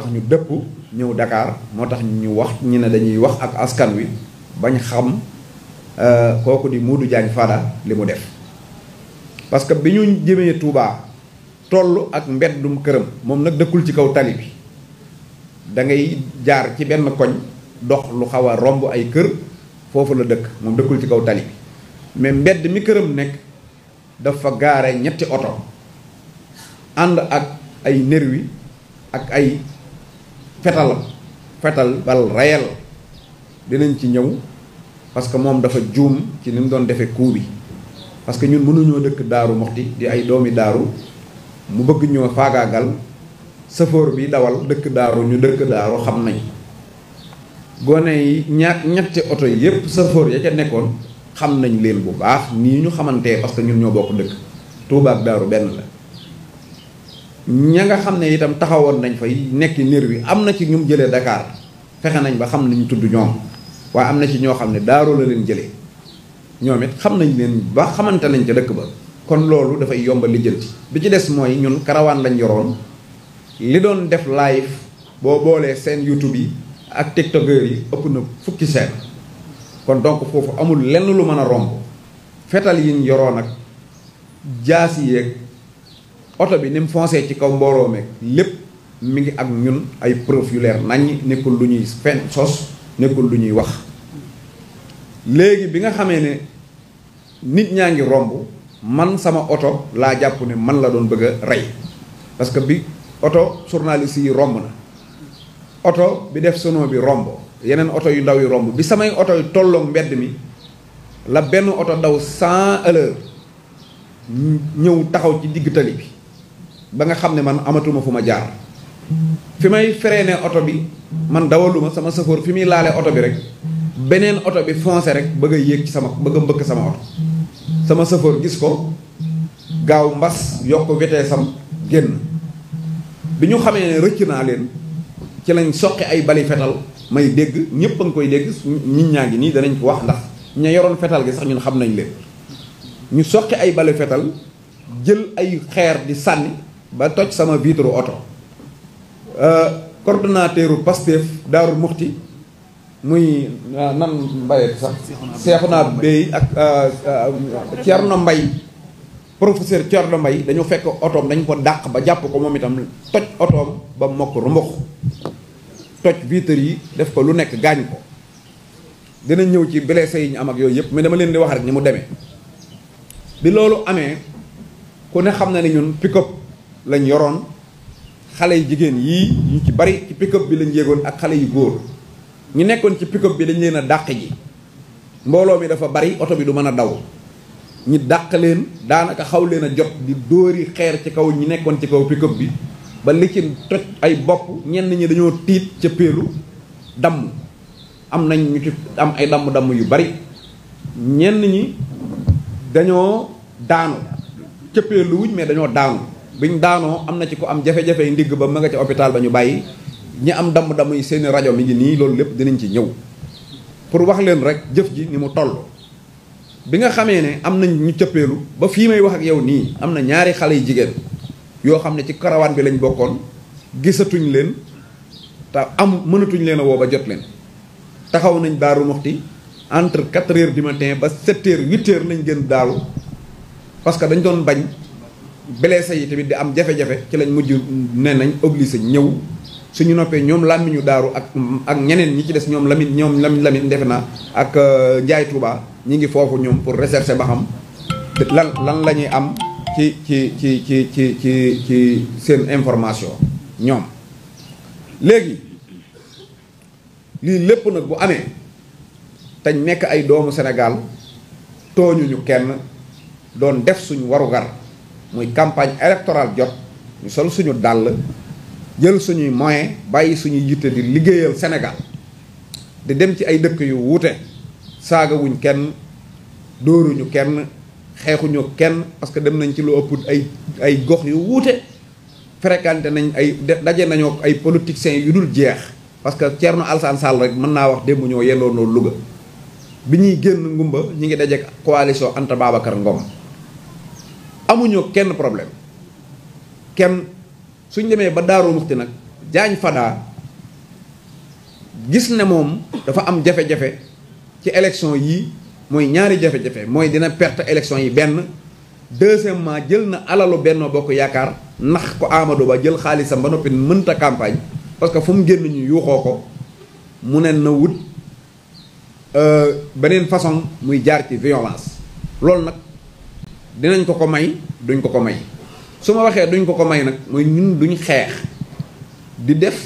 tax ñu dëpp ñëw dakaar moo tax ñu wax ñu ne dañuy wax ak askan wi bañ xam euh, kooku di Modou Diagne Fada li mu def parce que bi ñu jëmee Touba toll ak mbeddum këram moom nag dëkkul ci kaw tali bi da ngay jaar ci benn koñ dox lu xaw a romb ay kër foofu la dëkk moom dëkkul ci kaw tali mais mbedd mi këram nekk dafa gaare ñetti oto ànd ak ay nerwi ak ay fetal fetal bal rayal dinañ ci ñëw parce que moom dafa juum ci ni mu doon defee coup bi parce que ñun mënuñoo dëkk daaru moxti di ay doomi daaru mu bëgg ñoo faagaagal sëfoor bi dawal dëkk daaru ñu dëkk daaru xam nañ gone yi ñaar ñetti oto yépp safoor ya ca nekkoon xam nañ leen bu baax nii ñu xamantee parce ñun ñoo bokk dëkk Touba ak daaru benn la ña nga xam ne itam taxawoon nañ fay nekki nér wi am na ci ñu jëlee dakaar fexe nañ ba xam nañu tudd ñoom waaye am na ci ñoo xam ne daaroo la leen jëlee ñoom it xam nañ leen ba xamante nañ ca dëkk ba kon loolu dafay yomba lijjanti bi ci des mooy ñun karawaan lañ yoroon li doon def live boo boolee seen yutub yi ak tiktokeur yi ëpp na fukki seen kon donc foofu amul lenn lu mën a romb fetal yiñ yoroon ak jaas yeeg oto bi ni mu foncé ci kaw mbooloo meeg lépp mi ngi ak ñun ay preuve yu nekkul lu ñuy fen sos nekkul lu ñuy wax léegi bi nga xamee ne nit ñaa ngi romb man sama oto laa jàpp ne man la doon bëgg rey parce que bi oto journaliste yi romb na oto bi def sono bi romb yeneen oto yu ndaw yi romb bi samay oto yu tollook mbedd mi la benn oto daw cent à ñëw taxaw ci digg tali bi ba nga xam ne man amatuma fu ma jaar fi may freiné oto bi man dawaluma sama safoor fi muy laale oto bi rek beneen oto bi foncé rek bëgg a yéeg ci sama bëgg mbëkk sama oto sama safoor gis ko gaaw mbas yokk vitesse sam génn bi ñu xamee ne rëcc naa leen ci lañ soqi ay bali fetal may dégg ñëpp a ngi koy dégg nit ñaa ngi nii danañ ko wax ndax ña yoroon fetal gi sax ñun xam nañ leen ñu soqi ay bali fetal jël ay xeer di sànni ba toj sama vitre oto euh, coordonnateur u Pastef Daaru Muxti muy euh, nan Mbaye sax naa Bey ak euh, Thierno Mbaye professeur Thierno mbay dañu fekk otoom dañ ko dàq ba jàpp ko moom itam toj otoom ba mokk rumbux toj vitre yi def ko lu nekk gaañ ko dina ñëw ci blessé yi ñu am ak yooyu yëpp mais dama leen di wax rek ni mu demee bi loolu amee ku ne xam na ne ñun pick lañ yoroon xale yu jigéen yii ñu ci bari ci pick bi lañ yéegoon ak xale yu góor ñu nekkoon ci pick bi dañ leen a dàq ji mbooloo mi dafa bari oto bi du mën a daw ñi dàq leen daanaka xaw leen a jot di dóori xeer ci kaw ñi nekkoon ci kaw pick bi ba li toj ay bopp ñenn ñi dañoo tiit ca péelu damm am nañ ñu ci am ay damm-damm yu bari ñenn ñi dañoo daanu ca lu wuñ mais dañoo daanu biñ daanoo am na ci ko am jafe-jafe yi ndigg ba ma nga ca hôpital ba ñu bàyyi ñi am damm-damm yi seeni rajo mi ngi nii loolu lépp dinañ ci ñëw pour wax leen rek jëf ji ni mu toll bi nga xamee ne am nañ ñu cëppeelu ba fii may wax ak yow nii am na ñaari xale yu jigéen yoo xam ne ci karawaan bi lañ bokkoon gisatuñ leen te am mënatuñ leen a woo ba jot leen taxaw nañ daaru muxti entre 4 heures du matin ba 7 heures 8 heures lañ gën daalu parce que dañ doon bañ belee blessé yi tamit di am jafe-jafe ci lañ mujj ne nañ obligé ñëw suñu noppee ñoom làmmiñu daaru ak ak ñeneen ñi ci des ñoom lamit ñoom lamit lamit defe naa ak euh, Njaay Tuuba ñi ngi foofu ñoom pour rechercher ba xam lan lan la ñuy am ci ci ci ci ci ci ci seen information ñoom léegi lii lépp nag bu amee tañ nekk ay doomu Sénégal tooñuñu kenn doon def suñu warugar muy campagne électorale jot ñu sol suñu dàll jël suñuy moyen bàyyi suñuy yitte di liggéeyal senegal di dem ci ay dëkk yu wuute saagawuñ kenn dóoruñu kenn xeexuñu kenn parce que dem nañ ci lu ëpp ay ay gox yu wuute fréquenté nañ ay daje nañoo ay politiciens yu dul jeex parce que Thierno Alassane Sall rek mën naa wax démb ñoo yendoonoo luga bi ñuy génn ngumba ñu ngi daje coalition Anta Babacar Ngom amuñu kenn problème kenn suñ demee ba daaru muxti nag jaañ fadaa gis ne moom dafa am jafe-jafe ci élection yi mooy ñaari jafe-jafe mooy dina perte élection yi benn deuxièmement jël na alalu benn Bokk Yaakaar nax ko amado Ba jël xaalisam ba noppi mënta campagne parce que fu mu génn ñu yuuxoo ko mu ne na wut euh, beneen façon muy jaar ci violence loolu nag dinañ ko ko may duñ ko ko may su ma waxee duñ ko ko may nag mooy ñun duñ xeex di def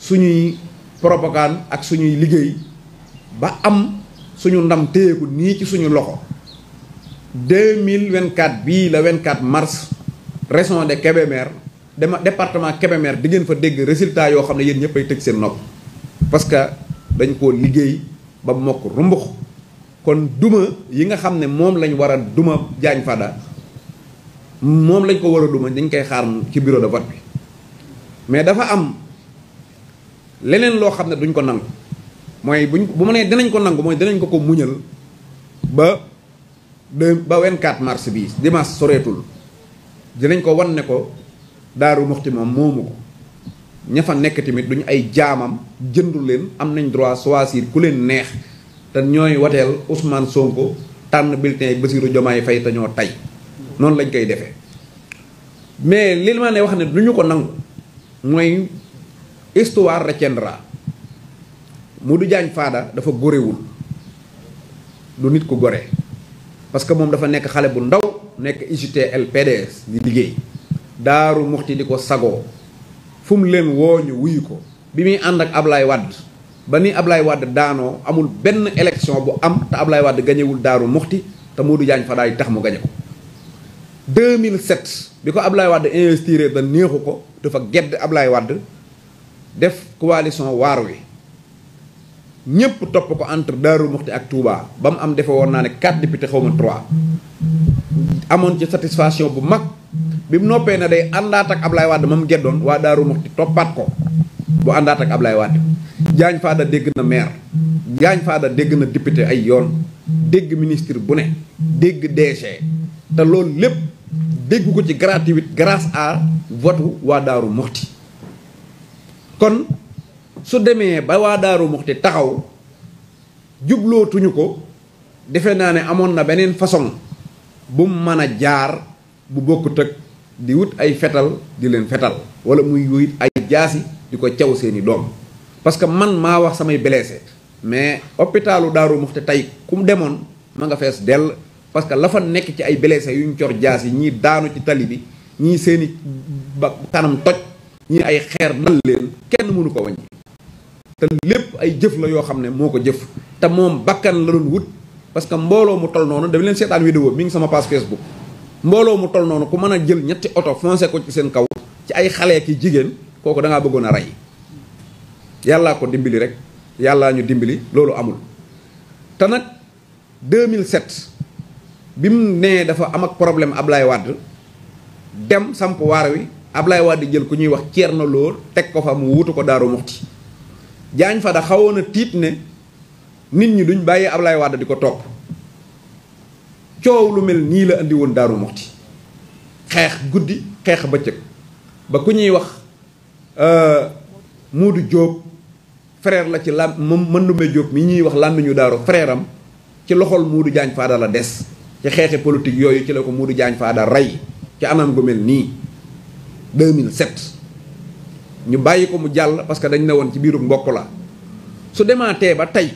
suñuy propagande ak suñuy liggéey ba am suñu ndam téyeku nii ci suñu loxo 2024 bii la 24 mars région de Kébémer dama département Kébémer di ngeen fa dégg résultat yoo xam ne yéen ñëpp ay tëj seen nopp parce que dañ ko liggéey ba mokk rumbux kon duma yi nga xam ne moom lañ war a duma jaañ Fada moom lañ ko war a duma dañ koy xaar ci bureau de vote bi mais dafa am leneen loo xam ne duñ ko nangu mooy buñ bu ma nee dinañ ko nangu mooy dinañ ko ko muñal ba de ba 24 mars bii dimanche soreetul dinañ ko wan ne ko daaru muxti ma moomu ko ña fa nekk tamit duñ ay jaamam jëndu leen am nañ droit choisir ku leen neex te ñooy wateel Ousmane Sonko tànn bulletin Bassirou Diomaye Faye te ñoo tey noonu lañ koy defee mais li wax ne du ko nangu mooy histoire retiendra Modou jaañ faada dafa góorewul du nit ku gore parce que moom dafa nekk xale bu ndaw nekk UJTL PDS di liggéey daaru muxti di ko sagoo fu mu leen woo ñu wuyu ko bi muy ànd ak Ablaye Wade ba ni Ablaye wàdd daanoo amul benn élection bu am te lay wàdd gañewul Daaru Muxti te Modou Diagne Fadaay tax mu gañe ko 2007 bi ko Ablaye wàdd investir da neexu ko dafa gedd Ablaye Wade def coalition waar wi ñëpp topp ko entre Daaru Muxti ak Touba ba mu am defe woon naa ne 4 député xaw ma amoon ci satisfaction bu mag bi mu noppee na day àndaat ak Ablaye Wade ma mu geddoon waa Daaru Muxti toppaat ko bu àndaat ak Ablaye Wade jaañ Fada dégg na maire jaañ Fada dégg na député ay yoon dégg ministre bu ne dégg DG te loolu lépp dégg ko ci gratuite grâce à votu waa Daaru Muxti kon su demee ba waa Daaru Muxti taxaw jublootuñu ko defe naa ne amoon na beneen façon bu mu mën a jaar bu bokk ak di wut ay fetal di leen fetal wala muy wut ay jaasi di ko caw seeni doom parce que man maa wax samay blessé mais hôpitalu Daaru Muxti tey ku mu demoon ma nga fees dell parce que la fa nekk ci ay blessé yuñ cor jaas yi ñii daanu ci tali bi ñii seeni ba kanam toj ñii ay xeer dal leen kenn mënu ko wàññi te lépp ay jëf la yoo xam ne moo ko jëf te moom bakkan la doon wut parce que mbooloo mu tol noonu dama leen seetaan vidéo mi ngi sama page Facebook mbooloo mu tol noonu ku mën a jël ñetti oto foncé ko ci seen kaw ci ay xale ki jigéen kooku da bëggoon a rey yàllaa ko dimbali rek yàllaa ñu dimbali loolu amul te nag 2007 bi mu nee dafa am ak problème Ablaye Wade dem samp waar wi Ablaye Wade jël ku ñuy wax ceer na lool teg ko fa mu wutu ko Daaru Muxti Jaañ Fada xawoon a tiit ne nit ñi duñ bàyyi Ablaye Wade di ko topp coow lu mel nii la andi woon Daaru Muxti xeex guddi xeex bëccëg ba ku ñuy wax euh, Moodu Jóob frère la ci la moom mën numbe Diop mi ñuy wax làmmiñu daaru frère am ci loxol Modou Diagne Fada la des ci xeexi politique yooyu ci la ko Modou Diagne Fada rey ci anam gu mel nii 2007 ñu bàyyi ko mu jàll parce que dañ ne woon ci biiru mbokk la su demaatee ba tey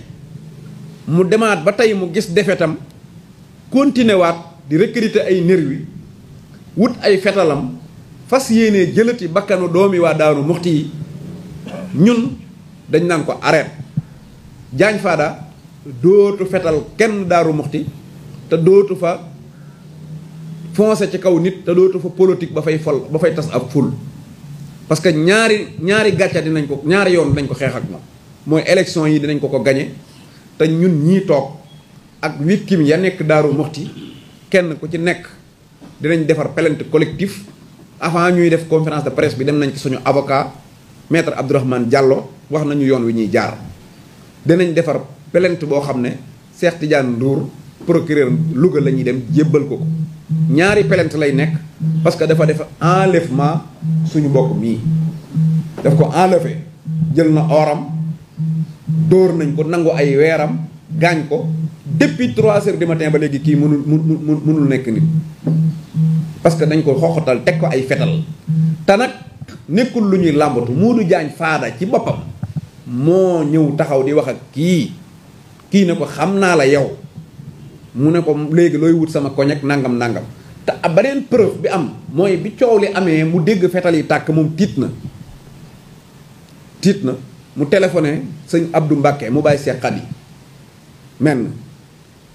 mu demaat ba tey mu gis defetam continué waat di recruter ay nervi wut ay fetalam fas yéenee jëlati bakkanu doom doomi waa Daaru Muxti yi ñun dañ naan ko arrête Diagne Fada dootu fetal kenn daaru moxti te dootu fa foncé ci kaw nit te dootu fa politique ba fay fol ba fay tas ab ful parce que ñaari ñaari gàcca dinañ ko ñaari yoon dinañ ko xeex ak mooy élection yi dinañ ko ko gañe te ñun ñii toog ak victime ya nekk daaru muxti kenn ku ci nekk dinañ defar plainte collectif avant ñuy def conférence de presse bi dem nañ ci suñu avocat maître Abdourahmane jàlloo wax nañu yoon wi ñuy jaar danañ defar plainte boo xam ne Cheikh Tidiane Ndour procureur Louga la ñuy dem jébbal ko ko ñaari plainte lay nekk parce que dafa def enlèvement suñu mbokk mii daf ko enlevé jël na ooram dóor nañ ko nangu ay weeram gaañ ko depuis trois heures du ba léegi kii mënul munul nekk nit parce que dañ ko xoxatal teg ko ay fetal te nag nekkul lu ñuy làmbatu Modou Diagne faada ci boppam moo ñëw taxaw di wax ak kii kii ne ko xam naa la yow mu ne ko léegi looy wut sama koñ ak nangam nangam te beneen preuve bi am mooy bi coow li amee mu dégg fetal yi tàkk moom tiit na tiit na mu téléphoné sëñ Abdou Mbacke mu bàyyi Cheikh yi men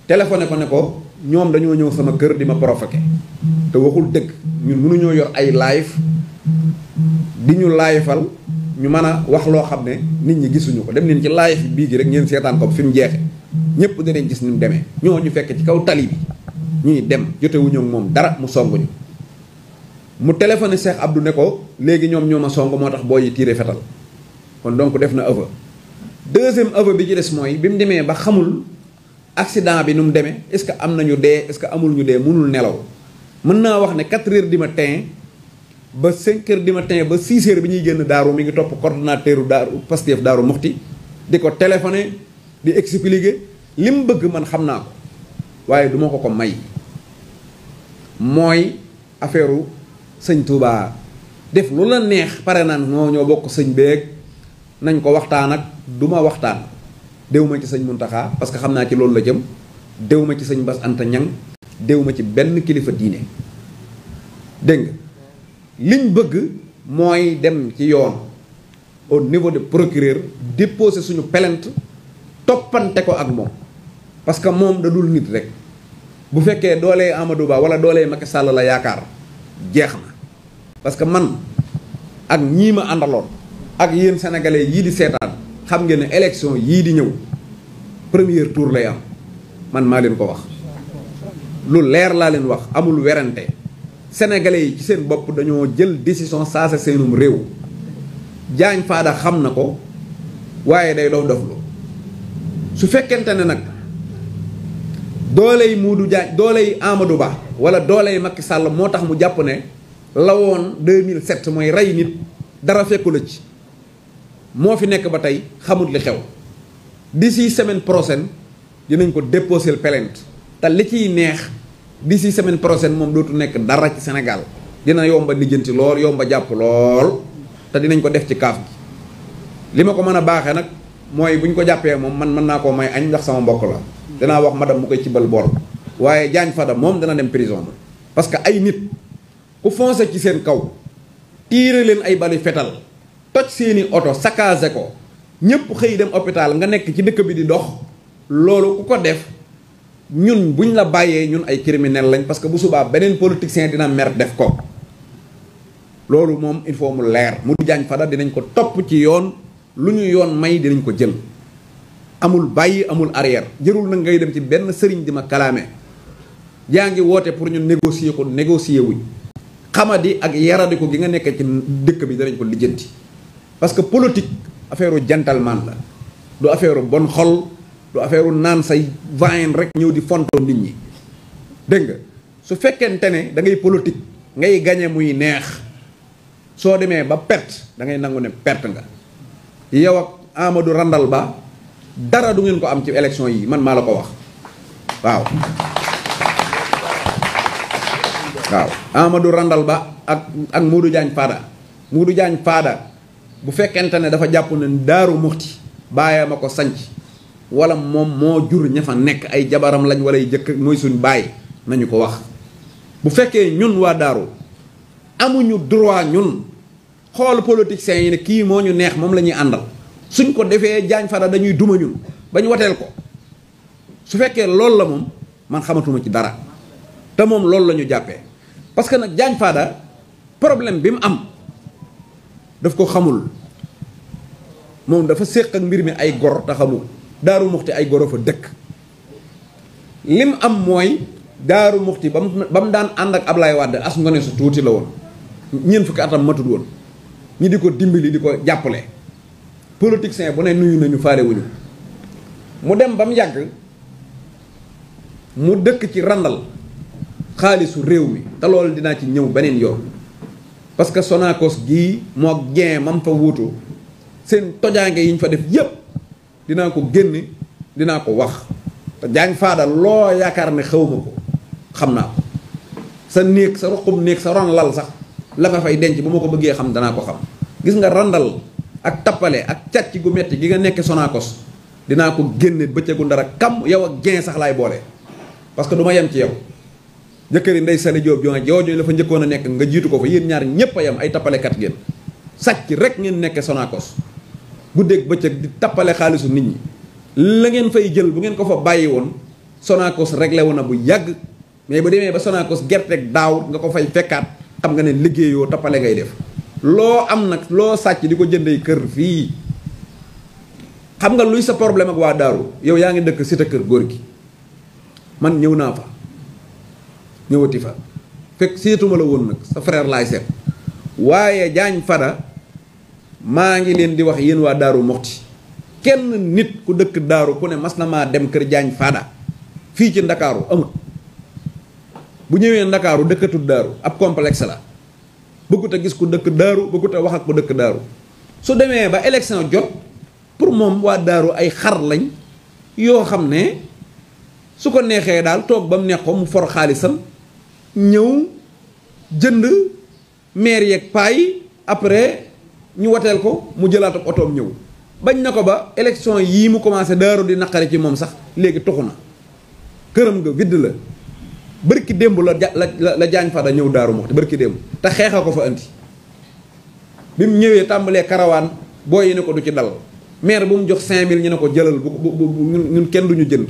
téléphoné ko ne ko ñoom dañoo ñëw sama kër di ma provoqué te waxul dëgg ñun mënuñoo yor ay live di ñu laayfal ñu mën a wax loo xam ne nit ñi gisuñu ko dem leen ci live bii gi rek ngeen seetaan ko fi mu jeexe ñëpp danañ gis ni mu demee ñoo ñu fekk ci kaw tali bi ñuy dem jotewuñu moom dara mu song ñu mu téléphoné Cheikh Abdou ne ko léegi ñoom ñoo ma song moo tax booy yi tiire fetal kon donc def na aveu deuxième aveu bi ci des mooy bi mu demee ba xamul accident bi nu mu demee est-ce que am nañu dee est-ce que amul ñu dee mënul nelaw mën naa wax ne 4 heures du matin ba 5 di ma matin ba 6 heures bi ñuy génn daaru mu ngi topp coordonnateur daaru Pastef daaru Muxti di ko téléphoné di expliqué li mu bëgg man xam naa ko waaye duma ko ko may mooy affaire sëñ Touba def lu la neex pare naan moo ñoo bokk sëñ beeg nañ ko waxtaan ak du ma waxtaan déw ma ci sëñ Muntaxa parce que xam naa ci loolu la jëm déw ma ci sëñ Bas Anta Ñang déw ma ci benn kilifa diine dégg liñ bëgg mooy dem ci yoon au niveau de procureur déposer suñu plainte toppante ko ak moom parce que moom da nit rek bu fekkee doolee Amadou Ba wala doolee Macky Sall la yaakaar jeex na parce que man ak ñiima ma àndaloon ak yéen sénégalais yii di seetaan xam ngeen ne élection yii di ñëw premier tour lay am man maa leen ko wax lu leer laa leen wax amul werante sénégalais yi ci seen bopp dañoo jël décision saasa seenum réew jaañ faada xam na ko waaye day dof doflu su fekkente ne nag doole yi Modou Diagne doole yi Amadou Ba wala doole yi Macky sàll moo tax mu jàpp ne la woon 2007 mooy rey nit dara fekku la ci moo fi nekk ba tey xamut li xew d'ici semaine prochaine dinañ ko déposer plainte te li ciy neex d'ici semaine prochaine moom dootu nekk dara ci senegal dina yomba lijjanti lool yomba jàpp lool te dinañ ko def ci kaaf gi li ma ko mën a baaxee nag mooy buñ ko jàppee moom man mën naa ko may añ ndax sama mbokk la dinaa wax ma madame mu koy ci bal bool waaye jaañ Fada moom dana dem prison ba parce que ay nit ku foncé ci seen kaw tiire leen ay bali fetal toj seeni oto saccagé ko ñëpp xëy dem hôpital nga nekk ci dëkk bi di dox loolu ku ko def ñun buñ la bàyyee ñun ay criminel lañ parce que bu subaa beneen politicien dina mer def ko loolu moom il faut mu leer mu jaañ fada dinañ ko topp ci yoon lu ñu yoon may dinañ ko jël amul bàyyi amul arrière jërul na ngay dem ci benn sëriñ di ma kalaame yaa ngi woote pour ñu négocier ko négocier wuñ xamadi ak yaradi ko gi nga nekkee ci dëkk bi danañ ko lijjanti parce que politique affaire gentleman la du affaire bon xol du affaire naan say vayen rek ñëw di fontoo nit ñi dégg nga su fekkente ne dangay ngay ngay gañe muy neex soo demee ba pert da ngay nangu ne pert nga yow ak Amadou Randal Ba dara du ngeen ko am ci élection yi man maa la ko wax waaw waaw Amadou Randal Ba ak ak Modou Diagne Fada Modou Diagne Fada bu fekkente ne dafa jàpp ne daaru muxti bàyyee ma ko sanc wala moom moo jur ña fa nekk ay jabaram lañ wala ay jëkk mooy suñ baay nañu ko wax bu fekkee ñun waa daaru amuñu droit ñun xool politiciens yi ne kii moo ñu neex moom la ñuy àndal suñ ko defee jaañ fada dañuy duma ñun ba ñu wateel ko su fekkee loolu la moom man xamatuma ci dara te moom loolu la ñu jàppee parce que nag jaañ fada problème bi mu am daf ko xamul moom dafa séq ak mbir mi ay gor te xamul daaru muxti ay goro fa dëkk lim am mooy daaru muxti ba mu mu daan ànd ak Ablaye Wade as ngone tuuti la woon ñeent fukki atam matul woon ñi di ko dimbali di ko jàppale politicien bu ne nuyu nañu faale wuñu mu dem ba mu yàgg mu dëkk ci randal xaalisu réew mi te loolu dinaa ci ñëw beneen yoon parce que Sonacos gii moo geen mam fa wuutu seen tojaange yi fa def yépp dinaa ko génne dinaa ko wax te jaañ faada loo yaakaar ne xaw ma ko xam naa ko sa néeg sa ruqum néeg sa ron lal sax la fa fay denc bu ma ko bëggee xam danaa ko xam gis nga randal ak tappale ak càcc gu metti gi nga nekkee sonaakos dinaa ko génne bëccëgu ndara kam yow ak gain sax laay boole parce que du ma yem ci yow jëkkëri ndey Sali Diop joo jooju la fa njëkkoon a nekk nga jiitu ko fa yéen ñaar ñépp yem ay tappalekat ngeen sàcc rek ngeen nekke Sonacos guddeeg bëccëg di tappale xaalisu nit ñi la ngeen fay jël bu ngeen ko fa bàyyi woon Sonacos réglé woon na bu yàgg mais bu demee ba Sonacos gerteeg daaw nga ko fay fekkaat xam nga ne liggéeyoo tappale ngay def loo am nag loo sàcc di ko jëndee kër fii xam nga luy sa problème ak waa Daaru yow yaa ngi dëkk Cité góor gi man ñëw naa fa ñëwati fa fekk seetuma la woon nag sa frère laay seet waaye Diagne Fada maa ngi leen di wax yéen waa Daaru Muxti kenn nit ku dëkk daaru ku ne mas na maa dem kër Jaañ Faada fii ci Ndakaaru amut bu ñëwee Ndakaaru dëkkatu daaru ab complexe la bëggut a gis ku dëkk daaru bëggut a wax ak ku dëkk daaru su demee ba élection jot pour moom waa daaru ay xar lañ yoo xam ne su ko neexee daal toog ba mu neex mu for xaalisam ñëw jënd maire yeeg pay après ñu wateel ko mu jëlaata ak otoom ñëw bañ na ko ba élection yii mu commencé daaru di naqari ci moom sax léegi tuxu na këram nga vidd la bërki démb la la la jaañ fada ñëw daaru moxti bërki démb te xeexa ko fa andi bi mu ñëwee tàmbalee karawaan boo yi ko du ci dal maire bu mu jox 5000 ñu ne ko jëlal bu ñun kenn du ñu jënd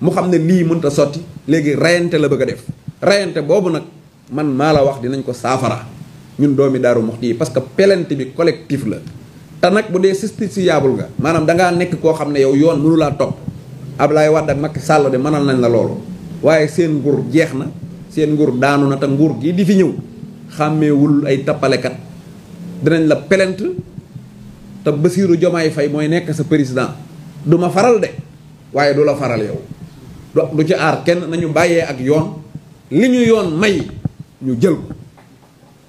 mu xam ne lii mënta sotti léegi rayante la bëgg a def reyante boobu nag man maa la wax dinañ ko saafara ñun doomi Daaru Muxti yi parce que pelante bi collectif la te nag bu dee justiciable nga maanaam da nekk koo xam ne yow yoon mënu laa topp Ablaye Wade ak Macky Sall de mënal nañ la loolu waaye seen nguur jeex na seen nguur daanu na te nguur gi di fi ñëw xàmmeewul ay tappalekat dinañ la pelante te Bassirou Diomaye fay mooy nekk sa président du ma faral de waaye du la faral yow du ci aar kenn nañu bàyyee ak yoon li ñu yoon may ñu jël ko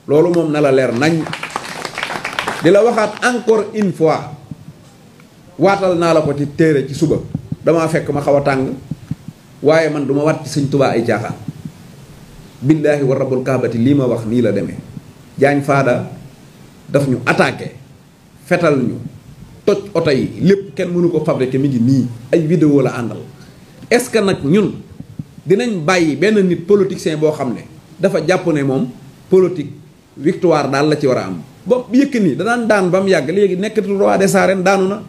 loolu moom na la leer nañ di la waxaat encore une fois waatal naa la ko ci téere ci suba damaa fekk ma xaw a tàng waaye man duma ma wat ci sëñ tubaa ay caaxaan billaahi wa rabbul kaabati lii ma wax nii la demee jaañ faada daf ñu attaqué fetal ñu toj oto yi lépp kenn mënu ko fabriqué mi ngi nii ay vidéo la àndal est-ce que nag ñun dinañ bàyyi benn nit politicien boo xam ne dafa jàpp ne moom politique victoire daal la ci war a am bopp yëkk Yékini danaan daan ba mu yàgg léegi nekkatu roi des arènes daanu na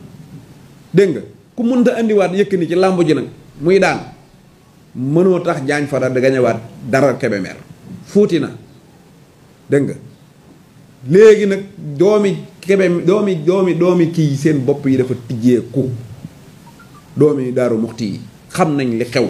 dégg nga ku mënta indiwaat Yékini ci làmb ji nag muy daan mënoo tax jaañ Fada da gañewaat dara Kébémer fuuti na dégg nga léegi nag doomi Kébémer doomi doomi doomi kii seen bopp yi dafa tijjeeku doomi Daaru Muxti yi xam nañ li xew